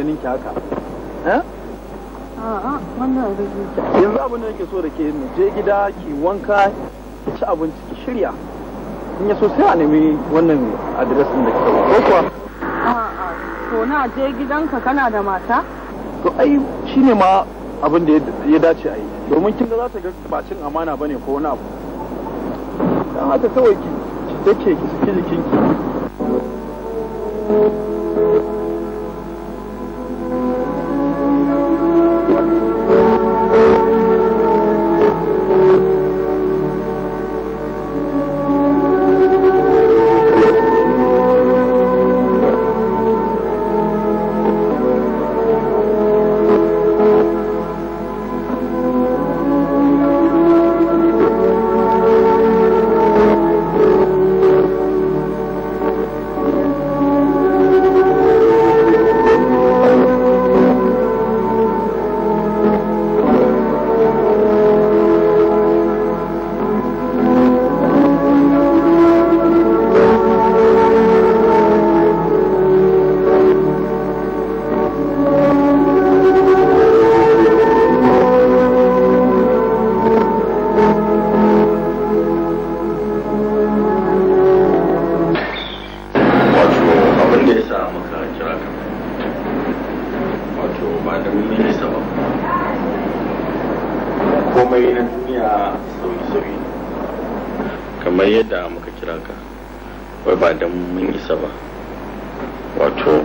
ganin ki haka eh? yanzu abin da yake so da ke mu je gida ki wanka ki ci abinci ki shirya in ya so sai a nemi wannan adiresin da kika ko kuwa to na je gidanka kana da mata to ai shine ma abin da ya dace a yi domin kin ga za ta ga bacin amana bane ko wani abu dan haka kawai ki take ki jikinki da muka kira ka wai ba don mun isa ba wato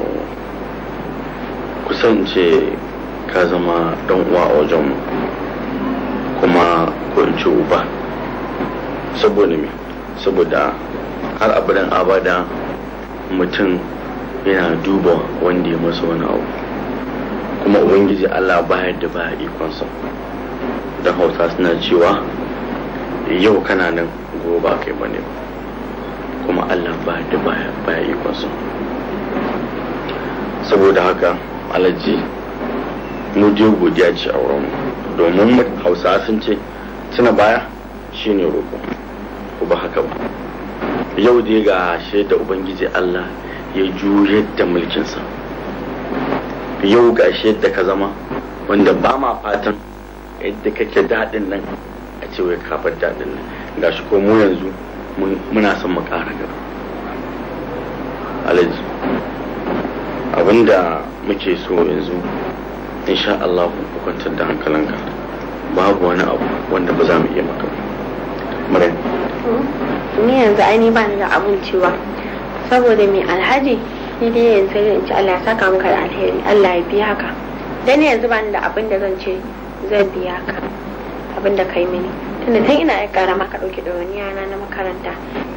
kusance ka zama dan uwa a wajen kuma ko uba saboda me saboda har abin abada mutum yana duba wanda ya masa wani abu kuma ubangiji allah bayar da baya ikonsa don hausa suna cewa yau kana nan kuma ba kai bane ba kuma Allah ba da baya baya ikon su saboda haka alaji mu je godiya ce a wurin domin hausa sun ce tuna baya shine roƙo ko ba haka ba yau dai ga da ubangiji Allah ya juyar da mulkinsa yau ga da ka zama wanda ba ma fatan yadda kake daɗin nan a ce wai kafar daɗin nan ga shi ko mu yanzu muna son mu ƙara gaba alaji abinda muke so yanzu insha Allah ku kwantar da hankalinka babu wani abu wanda ba za mu iya maka mare ni yanzu aini ba ni da abun cewa saboda mai alhaji ni dai yanzu in ci Allah ya saka muka da alheri Allah ya biya ka dan yanzu ba ni da abin da zan ce zan biya ka abin da ka yi mini tunda tun ina yan karama ka ɗauki ɗawainiya na na makaranta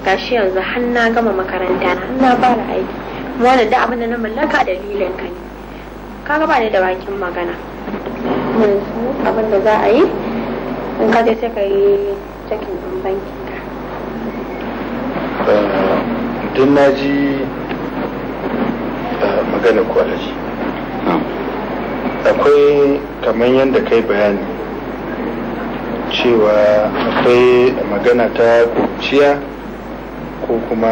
gashi yanzu har na gama makaranta na na fara aiki kuma wanda duk abin da na mallaka dalilin ka ne ka gaba ne da bakin magana yanzu abin da za a yi in ka je sai ka yi cikin ɗin banki eh, duk na ji eh, magana kwalaji akwai kamar yadda kai bayani cewa akwai magana ta kuciya ko kuma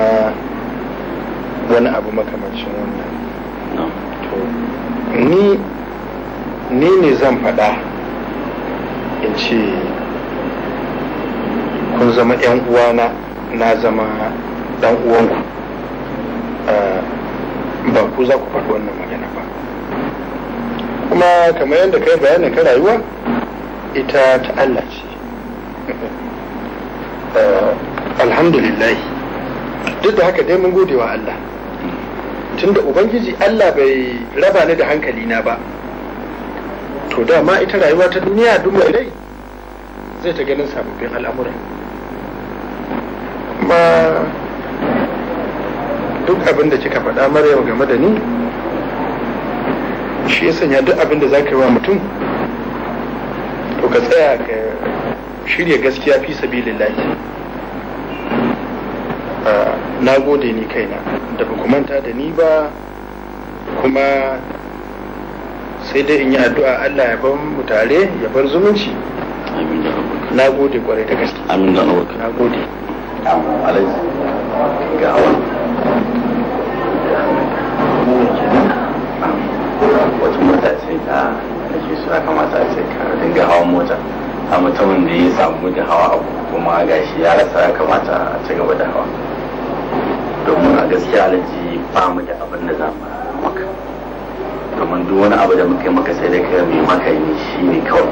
wani abu makamacin wannan to ni ni ne zan faɗa in ce kun zama 'yan uwana na zama dan uwanku eh, ba ku za ku faɗi wannan magana ba kuma kamar yadda kai bayanin ka rayuwa ita ta Allah ce Eh, alhamdulillah duk da haka dai mun gode wa Allah tunda ubangiji Allah bai raba ni da hankali na ba to dama ita rayuwa ta duniya duk mai rai zai ta ganin sababbin al'amura amma duk abin da kika faɗa maryam game da ni shi ya sanya duk abin da za ka yi wa mutum to ka tsaya ka shirya gaskiya fi sabilillahi ah, na gode ni kaina da ba ku manta da ni ba kuma sai dai in yi addu'a Allah ya bar mu tare ya bar zumunci na gode kwarai da gaske amin da abokan na gode wata mota ce ta ake su ya kamata ce ka dinga hawan mota a mutumin da ya samu da hawa abu kuma gashi ya rasa ya kamata a ci gaba da hawa domin a gaskiya alaji ba mu da abin da za mu maka domin duk wani abu da muka yi maka sai da ka mai maka yi shi ne kawai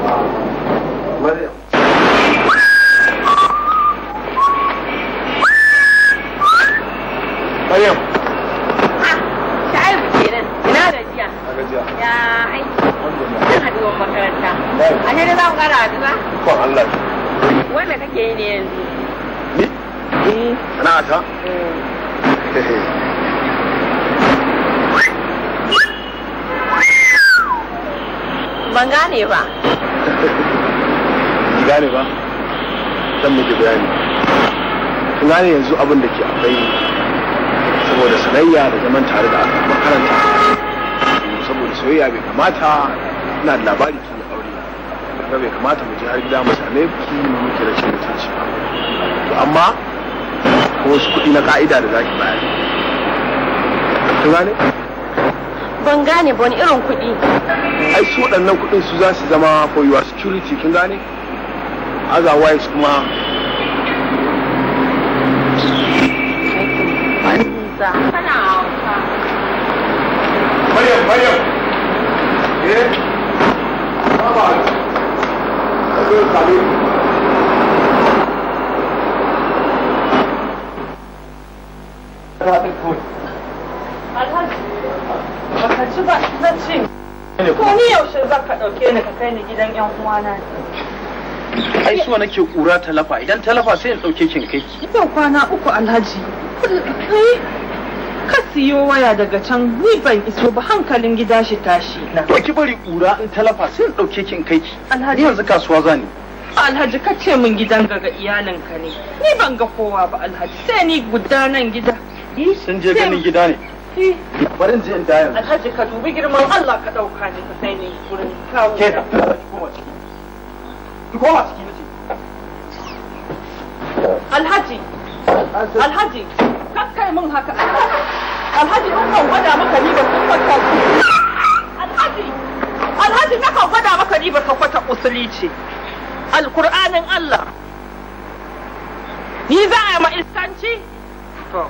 Maryam. Ina gajiya. Ya aiki. Zan haɗuwar makaranta. ashe da za mu kara addu'a kon Allah wai me kake yi ne yanzu ni eh. na ta eh. ban gane ba gane ba zan miki bayani kun gane yanzu abin da ke akwai saboda sanayya da zaman tare da makaranta saboda soyayya bai kamata ina da labari kina ga bai kamata mu je har gida mu same ki mu da rashin mutunci ba to amma ko wasu kuɗi na ka'ida da zaki bayar kin gane ban gane ba irin kuɗi ai su waɗannan kuɗin su za su zama for your security kin gane otherwise kuma Eh? Baba. zai same shi Alhaji, ba na ce, ko ni yaushe za ka ɗauke ni ka kai ni gidan 'yan uwana Ai suwa nake ƙura ta lafa, idan ta lafa sai in ɗauke kin kai. Yau kwana uku Alhaji. Kai siyo waya daga can ni ban iso ba hankalin gida shi tashi na. To ki bari ƙura in talafa sai in ɗauke ki in kai ki. Alhaji. yanzu kasuwa za ni. Alhaji ka ce min gidan ga ka ne. Ni ban ga kowa ba Alhaji sai ni guda nan gida. Eh, sun je ganin gida ne. Eh. Barin je in dayan Alhaji ka dubi girman Allah ka ɗauka ni ka sai ni gurin kawo. Ke da ki koma ciki. Alhaji. Alhaji. Kakkai mun haka. alhaji in kan gwada maka ni ba riba kwata alhaji alhaji na kan gwada maka ni riba kwata usuli ce alkur'anin Allah ni za a yi ma iskanci to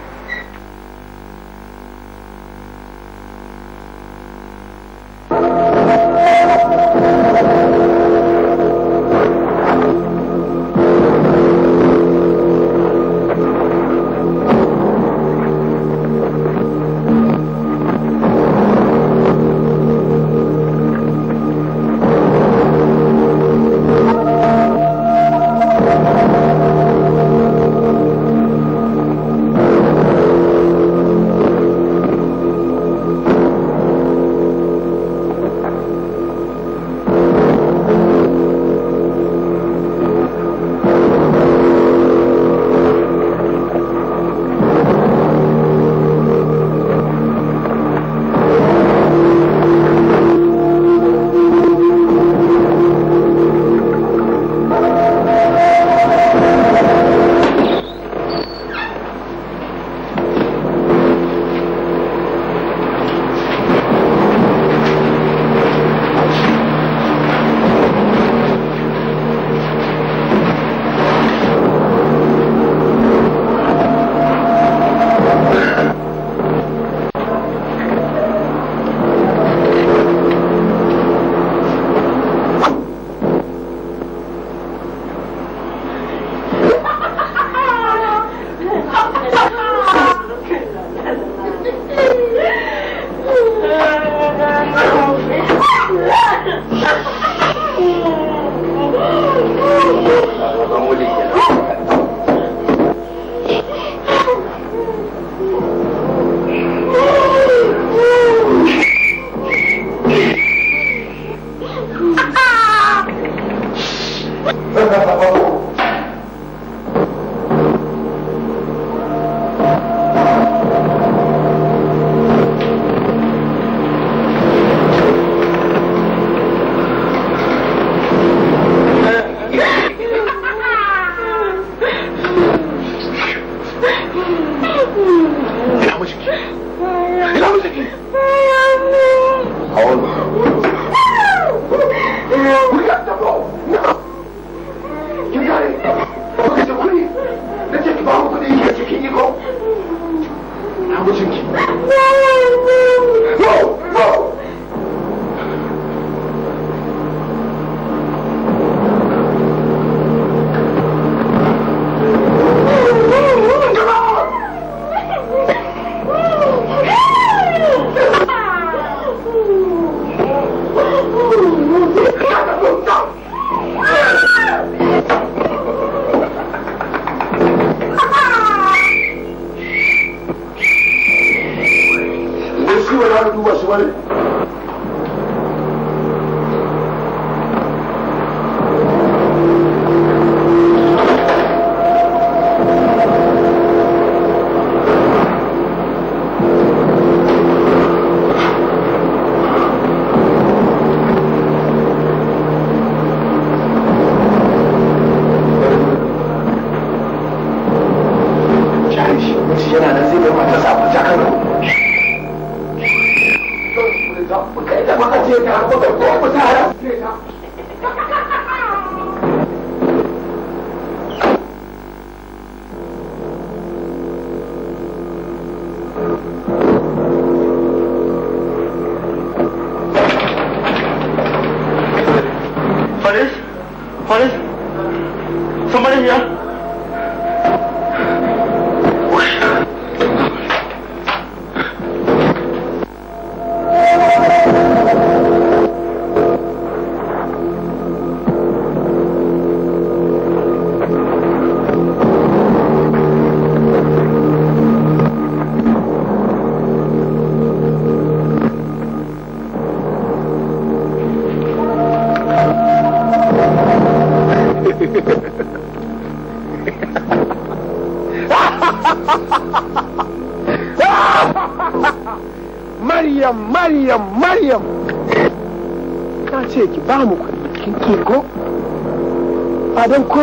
Whoa, whoa!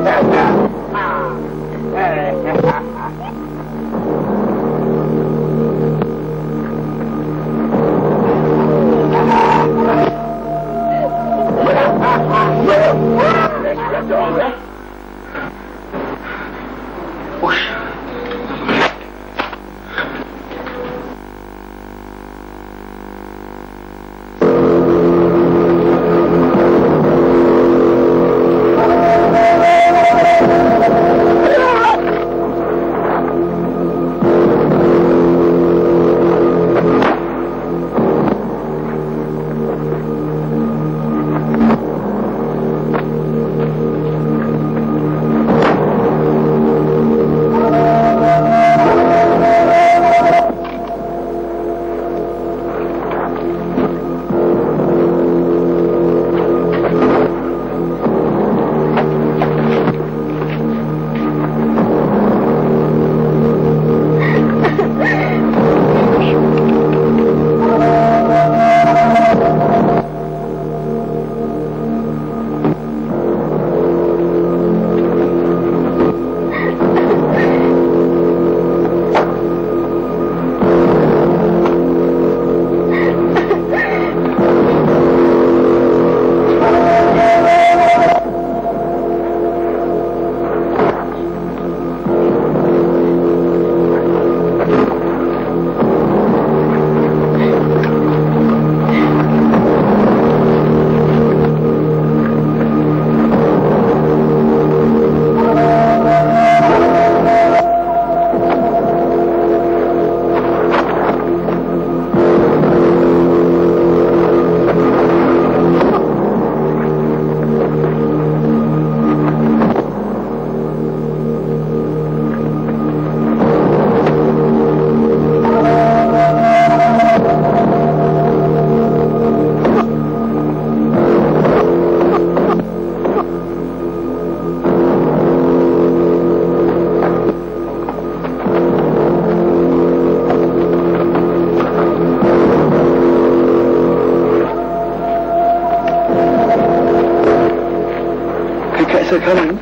Stand up! 开门。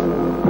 Oh!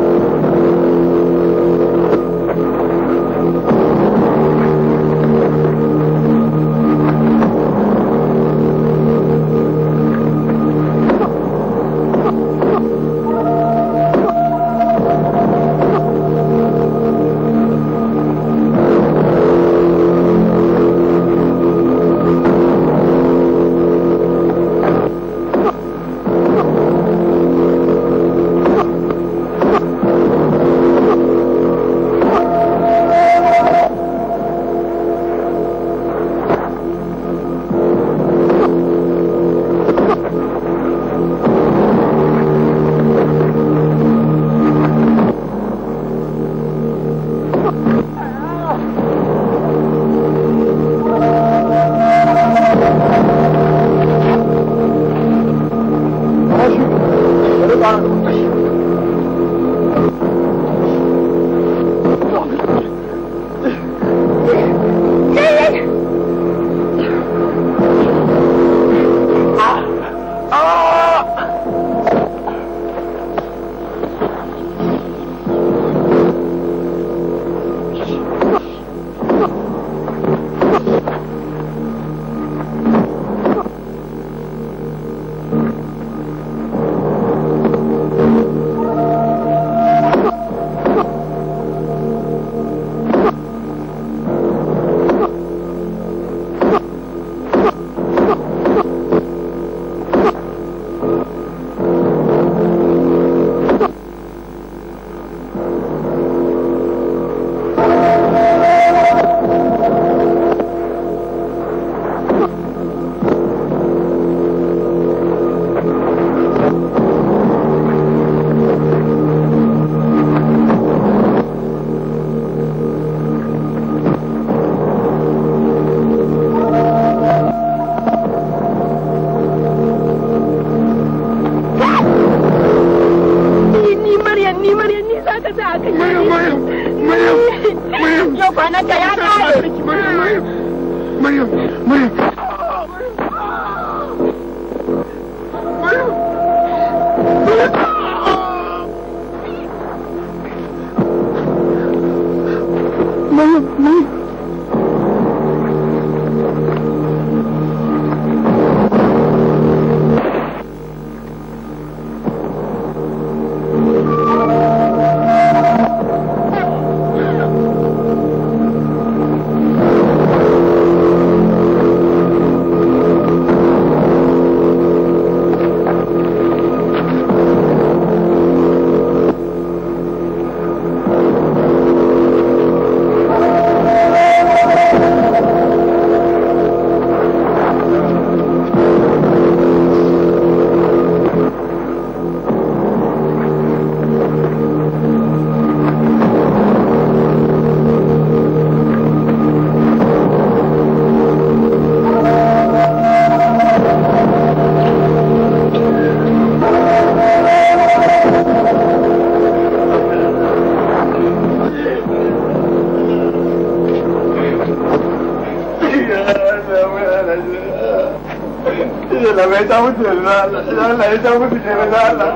ta mutu yanzu na Allah ya ta mutu ne na Allah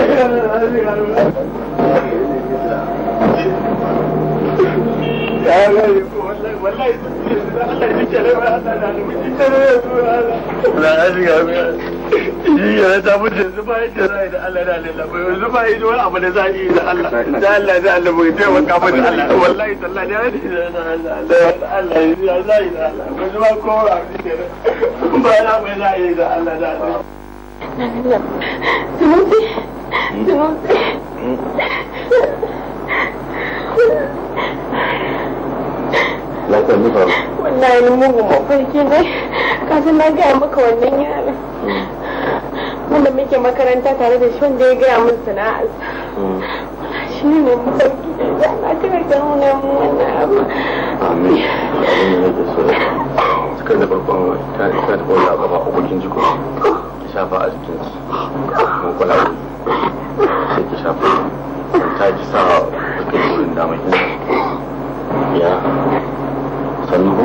ya rai wallahi Allah ya Allah mutu yanzu na Allah ya ta mutu yanzu a Allah Allah yanzu a yi Allah Allah Allah Allah Allah Allah Allah ya Allah yanzu ba mai za a yi da Allah da Lafiyar nufa mugu mafarki ne, na gaya maka wannan Wanda muke makaranta tare da shi wanda ya gaya min sana'ar. Hmm. shi ne mafarki da ya na kira ga wannan abu. Amin. Amin suka da babban ta isa da bola gaba a bakin jiko ki shafa a jikin su mun kula sai ki shafa ta ji sa kai wurin damakin ya sannu